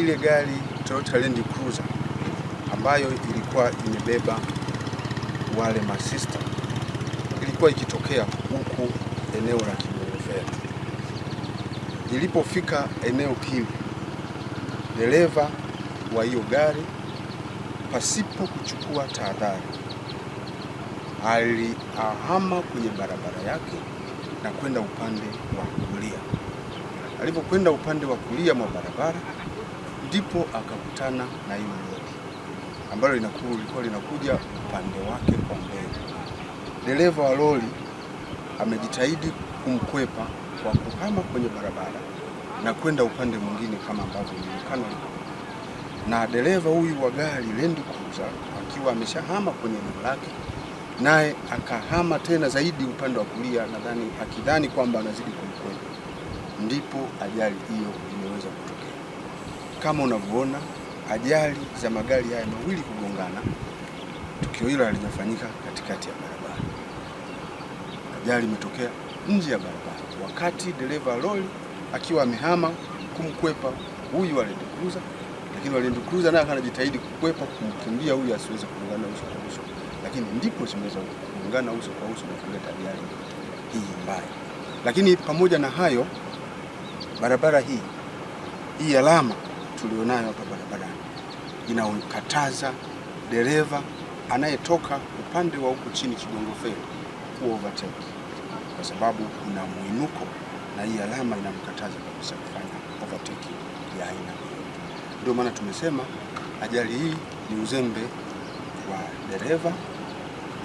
ile gari Toyota Land Cruiser ambayo ilikuwa imebeba wale masista ilikuwa ikitokea huku eneo la Kibwelefela. Ilipofika eneo hili, dereva wa hiyo gari pasipo kuchukua tahadhari aliahama kwenye barabara yake na kwenda upande wa kulia. Alipokwenda upande wa kulia mwa barabara ndipo akakutana na hiyo lori ambalo lilikuwa linakuja upande wake kwa mbele. Dereva wa lori amejitahidi kumkwepa kwa kuhama kwenye barabara na kwenda upande mwingine kama ambavyo ilionekana, na dereva huyu wa gari Land Cruiser akiwa ameshahama kwenye eneo lake, naye akahama tena zaidi upande wa kulia, nadhani akidhani kwamba anazidi kumkwepa, ndipo ajali hiyo imeweza kutokea. Kama unavyoona ajali za magari haya mawili kugongana, tukio hilo halijafanyika katikati ya barabara. Ajali imetokea nje ya barabara, wakati dereva lori akiwa amehama kumkwepa huyu wa Land Cruiser, lakini wa Land Cruiser naye anajitahidi kukwepa kumkimbia huyu asiweze kugongana uso kwa uso, lakini ndipo zimeweza kugongana uso kwa uso na kuleta ajali hii mbaya. Lakini pamoja na hayo, barabara hii hii alama tulionayo hapa barabarani inamkataza dereva anayetoka upande wa huku chini Kigongo feri kuwa overtake, kwa sababu kuna mwinuko na hii alama inamkataza kabisa kufanya overtake ya aina hiyo. Ndio maana tumesema ajali hii ni uzembe wa dereva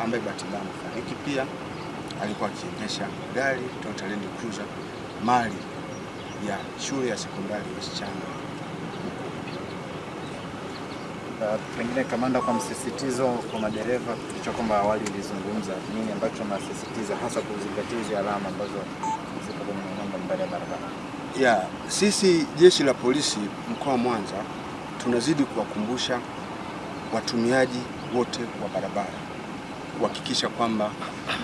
ambaye bahati mbaya amefariki. Pia alikuwa akiendesha gari Toyota Land Cruiser mali ya shule ya sekondari ya wasichana Uh, pengine kamanda, kwa msisitizo kwa madereva, kitu kwamba awali ulizungumza, nini ambacho nasisitiza hasa kuzingatia hizi alama ambazo ziko kwenye namba mbali ya barabara? Yeah, sisi jeshi la polisi mkoa wa Mwanza tunazidi kuwakumbusha watumiaji wote wa barabara kuhakikisha kwamba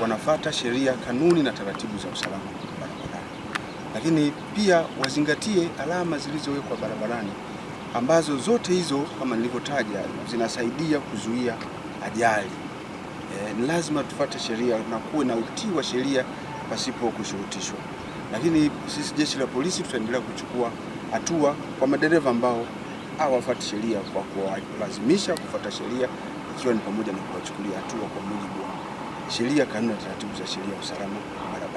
wanafata sheria, kanuni na taratibu za usalama barabarani, lakini pia wazingatie alama zilizowekwa barabarani ambazo zote hizo kama nilivyotaja zinasaidia kuzuia ajali. Eh, ni lazima tufuate sheria na kuwe na utii wa sheria pasipo kushurutishwa. Lakini sisi jeshi la polisi tutaendelea kuchukua hatua kwa madereva ambao hawafuati sheria kwa kuwalazimisha kufuata sheria, ikiwa ni pamoja na kuwachukulia hatua kwa mujibu wa sheria, kanuni na taratibu za sheria ya usalama